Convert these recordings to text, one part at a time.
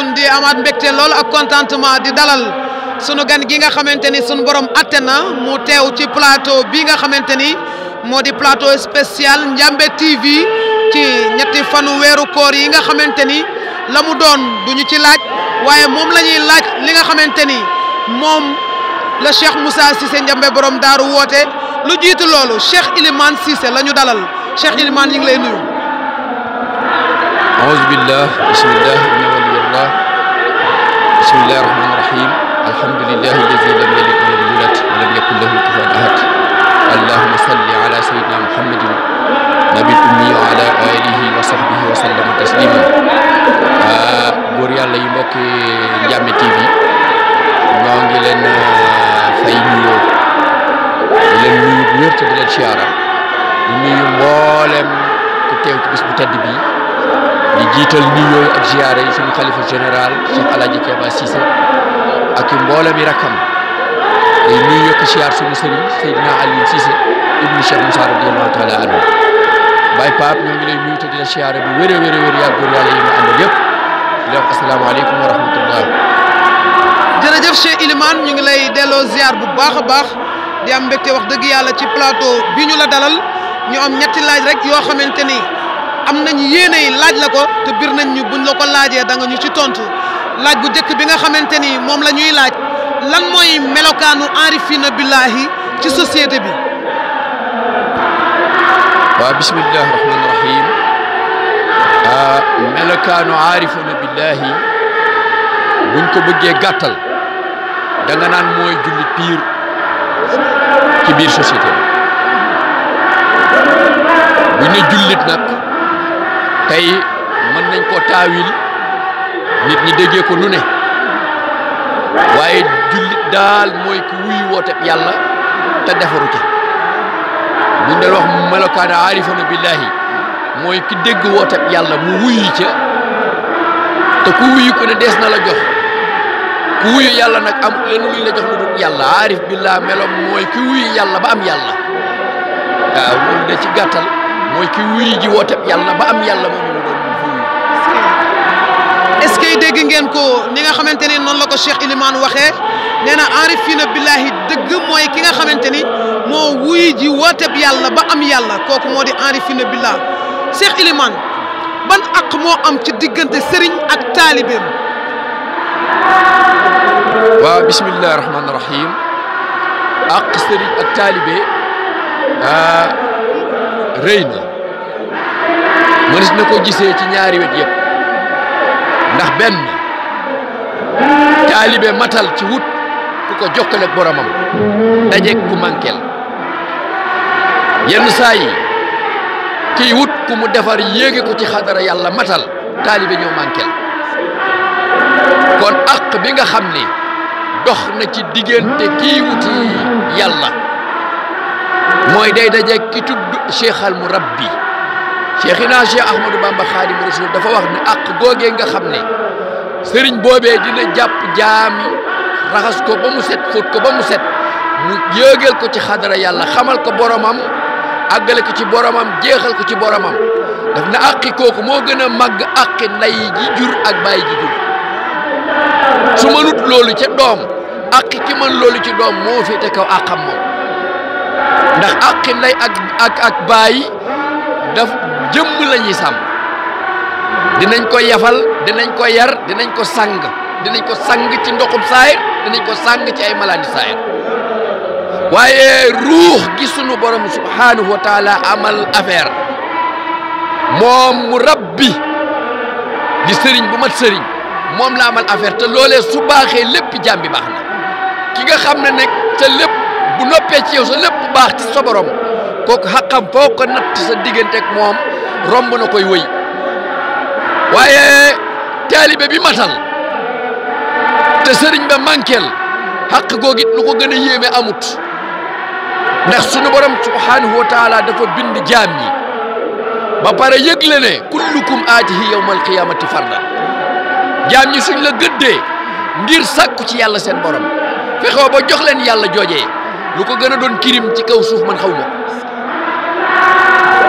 kun di amaat mbégte lool ak contentement di dalal sunu gan gi nga xamante ni sun borom atte na mu teew ci plateau bi nga xamante ni moo di plateau spécial Ndiamé TV ci ñetti fanu weeru koor yi nga xamante ni la mu doon du ñu ci laaj waaye moom la ñuy laaj li nga xamante ni moom la Cheikh Moussa Cissé Ndiamé borom daaru woote lu jiitu loolu Cheikh Ilimane Cissé la ñu dalal Cheikh Ilimane ñu ngi lay nuyu. الله بسم الله الرحمن الرحيم الحمد لله الذي لم يلد ولم يولد ولم يكن له كفوا أحد اللهم صل على سيدنا محمد نبي الأمي وعلى آله وصحبه وسلم تسليما góor yàlla yi mbokki تي في ñoo لن فاي نيو لن نيو نيو تي bu wér te di leen siyaara di nuyu mboolem ku teew di jiital nuyoo ak ziyaare yi suñu xalifa général Cheikh Alaaji Keba Cissé ak mboolem yi rakkam di nuyu yokk ziyaar suñu sëriñ Seydina Aliou Cissé ibnu Cheikh Moussa radiyallahu taala anhu Baye Pape ñoo ngi lay nuyu te di la ziyaare bu wéree wéree wéree yaa góor yàlla yi nga àndal yëpp di la wax asalaamaaleykum wa rahmatullah jërëjëf Cheikh Ilimane ñu ngi lay delloo ziar bu baax a baax di am mbégte wax dëgg yàlla ci plateau bi ñu la dalal ñu am ñetti laaj rek yoo xamante ni am nañ yéeney laaj la ko te bir nañ ñu buñ la ko laajee danga ñu ci tontu laaj bu njëkk bi nga xamante ni moom la ñuy laaj lan mooy melokaanu arifina billahi ci société bi. waaw bisimilah rahmaani rahim ah, melokaanu arifina billahi buñ ko bëggee gàttal danga naan mooy julli piir ci biir société bi buñ ne jullit nag. tey mën nañ koo taawil nit ñi déggee ko nu ne waaye jullit daal mooy ku wuyu woote yàlla te defaru ca buñ doon wax melokaana aarifana billahi mooy ki dégg woote yàlla mu wuyu ca te ku wuyu ko ne dees na la jox ku wuyu yàlla nag am leen luñ la jox lu dul yàlla aarif billah melom mooy ki wuyu yàlla ba am yàlla waaw moom de ci gàttal mooy ki wuy ji wooteb yàlla ba am yàlla moom mu doon fuuy est-ce que dégg ngeen ko ni nga xamante ni noonu la ko Cheikh Ilimane waxee nee na arifina billahi dëgg mooy ki nga xamante ni moo wuy ji wooteb yàlla ba am yàlla kooku moo di arifina billah Cheikh Ilimane ban aq moo am ci diggante sëriñ ak taalibeem waaw bismillahi rahmaani rahim aq sëriñ ak taalibe rëy na mënees na ko gisee ci ñaari wet yëpp ndax benn taalibe matal ci wut ku ko jokkale ak boromam dajeeg ku mankel yenn saa yi kiy wut ku mu defar yéege ko ci xadara yàlla matal taalibe ñoo mankel kon àq bi nga xam ni dox na ci diggante kii wuti yàlla mooy day dajeeg ki tudd cheikh al murabbi cheikhina cheikh ahmadou bamba xaadim rasul dafa wax ne ak googee nga xam ne sëriñ boobee dina jàpp jaam raxas ko ba mu set fóot ko ba mu set mu yéegeel ko ci xadara yàlla xamal ko boromam àggale ko ci boromam jeexal ko ci boromam daf na àqi kooku moo gën a màgg àqi nday ji jur ak bàyyi ji jur su mënut loolu ca doom àqi ki mën loolu ci doom moo féete kaw àqam moom ndax ak nday ak ak ak baay daf jëmm lañuy sàmm dinañ ko yafal dinañ ko yar dinañ ko sang dinañ ko sang ci ndoxum saayir dinañ ko sang ci ay malaani saayir waaye ruux gi sunu borom subhanahu wa taala amal affaire moom mu rabbi di sëriñ bu mat sëriñ moom la amal affaire te loolee su baaxee lépp jàmbi baax ki nga xam ne nag te bu noppee ci yow lépp baax ci sa borom kooku xaqam foo ko natt sa diggante ak moom romb na koy wëy waaye taalibe bi matal te sëriñ ba mankel xaq googit lu ko gën a yéeme amut ndax sunu borom subhaanahu wa taala dafa bind jaam ñi ba pare yëgle ne kullukum aatihi yawmal qiyaamati farda jaam ñi suñ la gëddee ngir sàkku ci yàlla seen borom fexoo ba jox leen yàlla joojee lu ko gën a doon kirim ci kaw suuf man xaw ma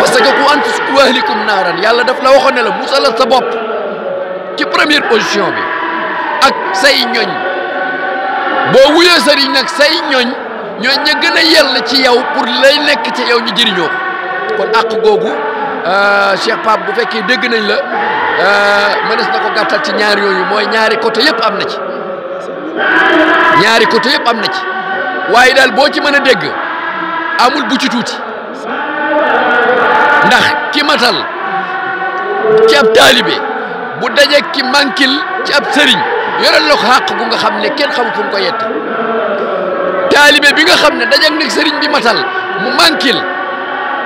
parce que ku antus ku ahlikum naaran yàlla daf la waxoon ne la musalal sa bopp ci première position bi ak say ñoñ boo wuyee sëriñ nag say ñoñ ñooñ ña gën a yell ci yow pour lay nekk ci yow ñu jëriñoo kon àq googu euh, Cheikh Pape bu fekkee dégg nañ la euh, mënees na ko gàttal ci ñaar yooyu mooy ñaari côté yëpp am na ci ñaari côté yëpp am na ci waaye daal boo ci mën a dégg amul bu ci tuuti ndax ki matal ci ab taalibe bu dajee ki mankil ci ab sëriñ yoreel la ko xàq gu nga xam ne kenn xamu fu ko yett taalibe bi nga xam ne dajak nag sëriñ bi matal mu mankil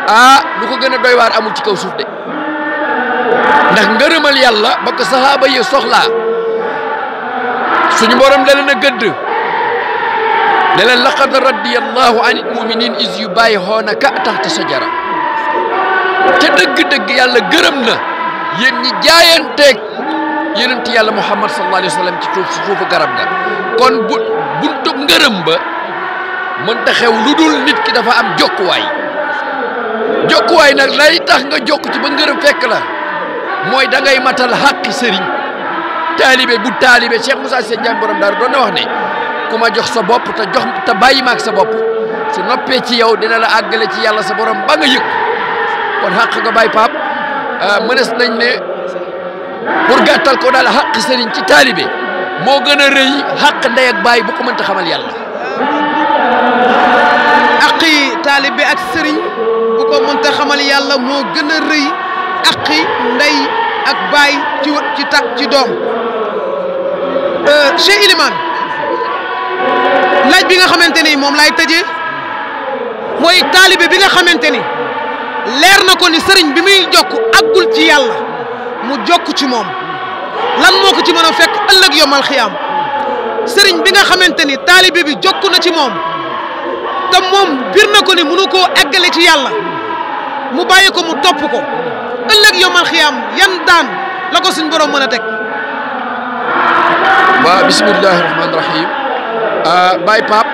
ah lu ko gën a doy amul ci kaw suuf de ndax ngërëmal yàlla ba ko sahaaba yi soxlaa suñu borom da leen gëdd ne leen laqad radiyallahu anil muminin is yu bàyyi xoonaka taxta jara te dëgg-dëgg yàlla gërëm na yéen ñi jaayanteeg yonent yàlla Muhammad sallallahu alayhi wa sallam ci suuf suufu garab ga kon bu ngërëm ba mënta xew lu dul nit ki dafa am jokkuwaay jokkuwaay nag lay tax nga jokk ci ba ngërëm fekk la mooy da ngay matal xàqi sëriñ taalibe bu taalibe Cheikh Moussa Sène Ndiamé borom Daaru doon na wax ne ku ma jox sa bopp te jox te bàyyi ma sa bopp su noppee ci yow dina la àggale ci yàlla sa borom ba nga kon xàq nga bàyyi paap euh, mënees nañ ne pour gàttal ko daal sëriñ ci taalibe moo gën a rëy xàq ndey ak bàyyi bu ko mënta xamal yàlla aqi taalibe ak sëriñ bu yàlla moo gën a rëy aqi ak bàyyi ci ci ci doom euh, Cheikh Ilimane laaj bi nga xamante ni moom laay tëjee mooy taalibe bi nga xamante ni leer na ko ni sëriñ bi muy jokk àggul ci yàlla mu jokk ci moom lan moo ko ci mën a fekk ëllëg yomal xiyaam sëriñ bi nga xamante ni taalibe bi jokk na ci moom te moom bir na ko ni mënu koo eggale ci yàlla mu bàyyi ko mu topp ko ëllëg yomal xiyaam yan daan la ko suñ borom mën a teg. waa bismillahi rahmaani rahim. Euh, Baye Pape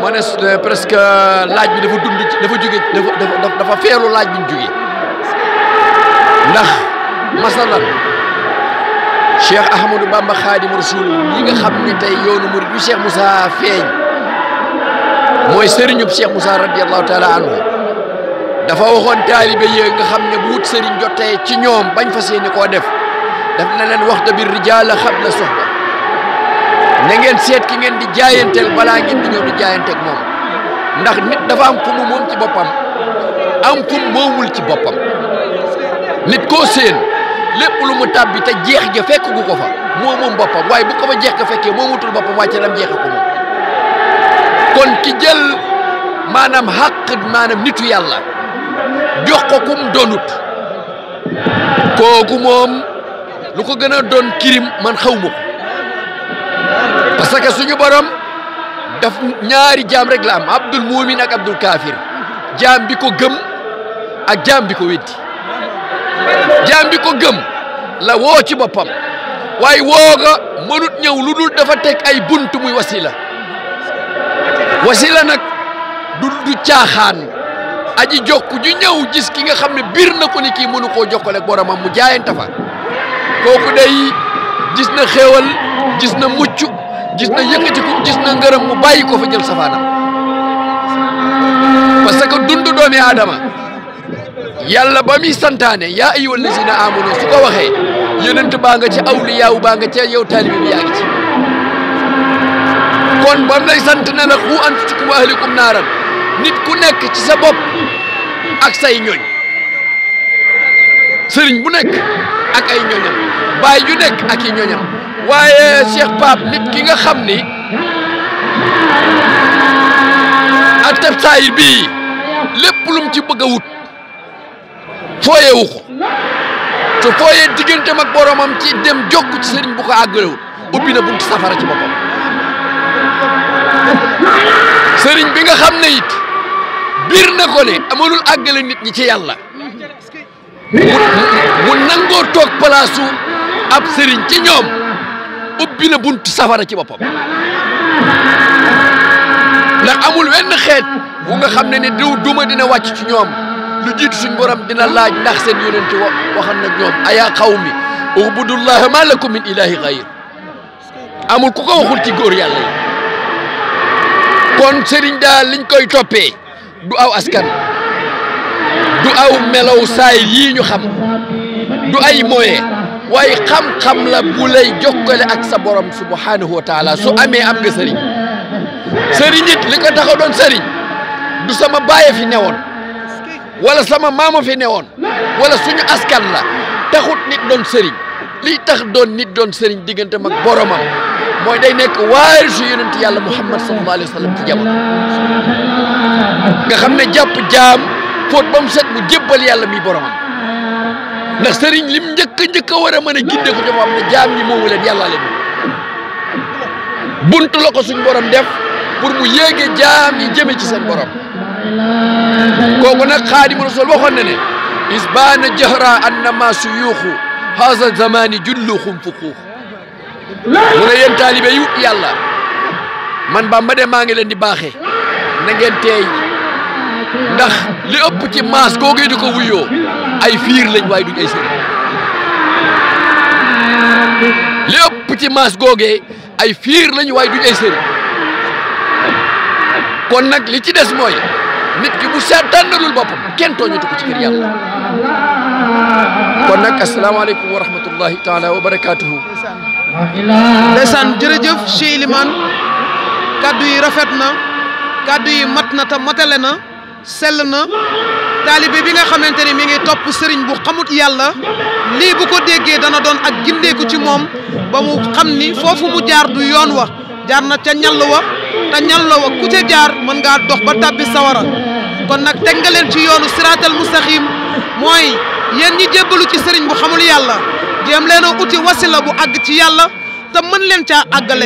ma euh, presque euh, laaj bi dafa dund dafa jóge dafa dafa feelu laaj bi ñu jóge ndax masalan Cheikh Ahmadou Bamba Khadim Rasoul yi nga xam ne tey yoonu murid bi Cheikh Moussa feeñ mooy sëriñub Cheikh Moussa radiyallahu taala dafa waxoon taalibe yi nga xam ne bu wut sëriñ jotee ci ñoom bañ fas yéene koo def daf na leen wax tabir rijaala xabla soxna na ngeen seet ki ngeen di jaayanteel balaa ngeen di ñëw di moom ndax nit dafa am ku moom ci boppam am ku moomul ci boppam nit koo séen lépp lu mu tàbbi te jeex ja fekk gu ko fa moo boppam waaye bu ko fa jeex ga fekkee moomutul boppam wàcce lam jeexe ko moom kon ki jël maanaam xàq maanaam nitu yàlla jox ko kum donut kooku moom lu ko gën a doon kirim man xaw parce que suñu borom daf ñaari jaam rek la am abdul muumin ak abdul kaafir jaam bi ko gëm ak jaam bi ko weddi jaam bi ko gëm la woo ci boppam waaye wooga mënut ñëw lu dul dafa teg ay bunt muy wasila wasila nag du du caaxaan aji jokk ju ñëw gis ki nga xam ne biir na ko ni kii mënu koo jokkale boromam mu jaayante fa kooku day gis na xéewal gis na mucc gis na yëkkati ko gis na ngërëm mu bàyyi ko fa jël safaanam parce que dund doomi aadama yàlla ba muy santaane yaa ayyuhal lazina amanu su ko waxee yonent baa nga ci awliyaaw baa nga ci yow taalibi bi ci kon bam lay sant ne la qu anfusakum wa ahlikum naaran nit ku nekk ci sa bopp ak say ñooñ sëriñ bu nekk ak ay ñooñam baay yu nekk ak i ñooñam waaye Cheikh Pape nit ki nga xam ni ak tef saayir bii lépp lum ci bëgg a wut fooyewu ko te fooyee digganteem ak ci dem jokk ci sëriñ bu ko àggalewut ubbi na buntu safara ci boppam sëriñ bi nga xam ne it biir na ko ne amalul àggale nit ñi ci yàlla mu nangoo toog palaasu ab sëriñ ci ñoom ubbina buntu safara ci bopam ndax amul wenn xet bu nga xamne ni ne duma dina wàcc ci ñoom lu jiitu suñu borom dina laaj ndax seen yoonent wa waxan nag ñoom aya qawmi ubudullaha ma lakum min ilahi ghayr amul ku ko waxul ci gor yàlla kon serigne da liñ koy topé du aw askan du aw melaw say yi ñu xam du ay moyen waaye xam-xam la bu lay jokkale ak sa borom subhanahu wa taala su amee am nga sëriñ sëriñ it li ko taxa doon sëriñ du sama baay fi newoon wala sama maama fi newoon wala suñu askan la taxut nit doon sëriñ li tax doon nit doon sëriñ diggante mag boromam mooy day nekk waarisu yonent yàlla muhammad sallallahu alayhi wa sallam ci jamono nga xam ne jàpp jaam fóot ba mu set mu jébbal yàlla mi boromam ndax sëriñ lim njëkk a njëkk war a mën a gindee ko ci moom ne jaam ñi moomu leen yàlla leen bunt la ko suñ borom def pour mu yéege jaam yi jëme ci seen borom kooku nag xaadimu rasul waxoon na ne isbaana jahra annama suyuuxu haza zamani julluxum fuquux mu ne yéen taalibe yu yàlla man Bamba de maa ngi leen di baaxee na ngeen ndax li ëpp ci maas googee di ko wuyoo ay fiir lañ waaye duñ ay sëriñ li ëpp ci maas googee ay fiir lañ waaye duñ ay sëriñ kon nag li ci des mooy nit ki bu seetaanalul boppam kenn tooñatu ko ci kër yàlla kon nag asalaamaaleykum wa rahmatullahi taala wa barakaatuhu ndeysaan jërëjëf Cheikh Elimane kaddu yi rafet na kaddu yi mat na te matale na sell na taalibe bi nga xamante ni mi ngi topp sëriñ bu xamut yàlla lii bu ko déggee dana doon ak gindeeku ci moom ba mu xam ni foofu mu jaar du yoon wa jaar na ca ñall wa ta te la wa ku ca jaar mën nga dox ba tàbbi sawara kon nag teg nga leen ci yoonu siraatal mustaxim mooy yéen ñi jébbalu ci sëriñ bu xamul yàlla jéem leen a uti wasila bu àgg ci yàlla te mën leen caa àggale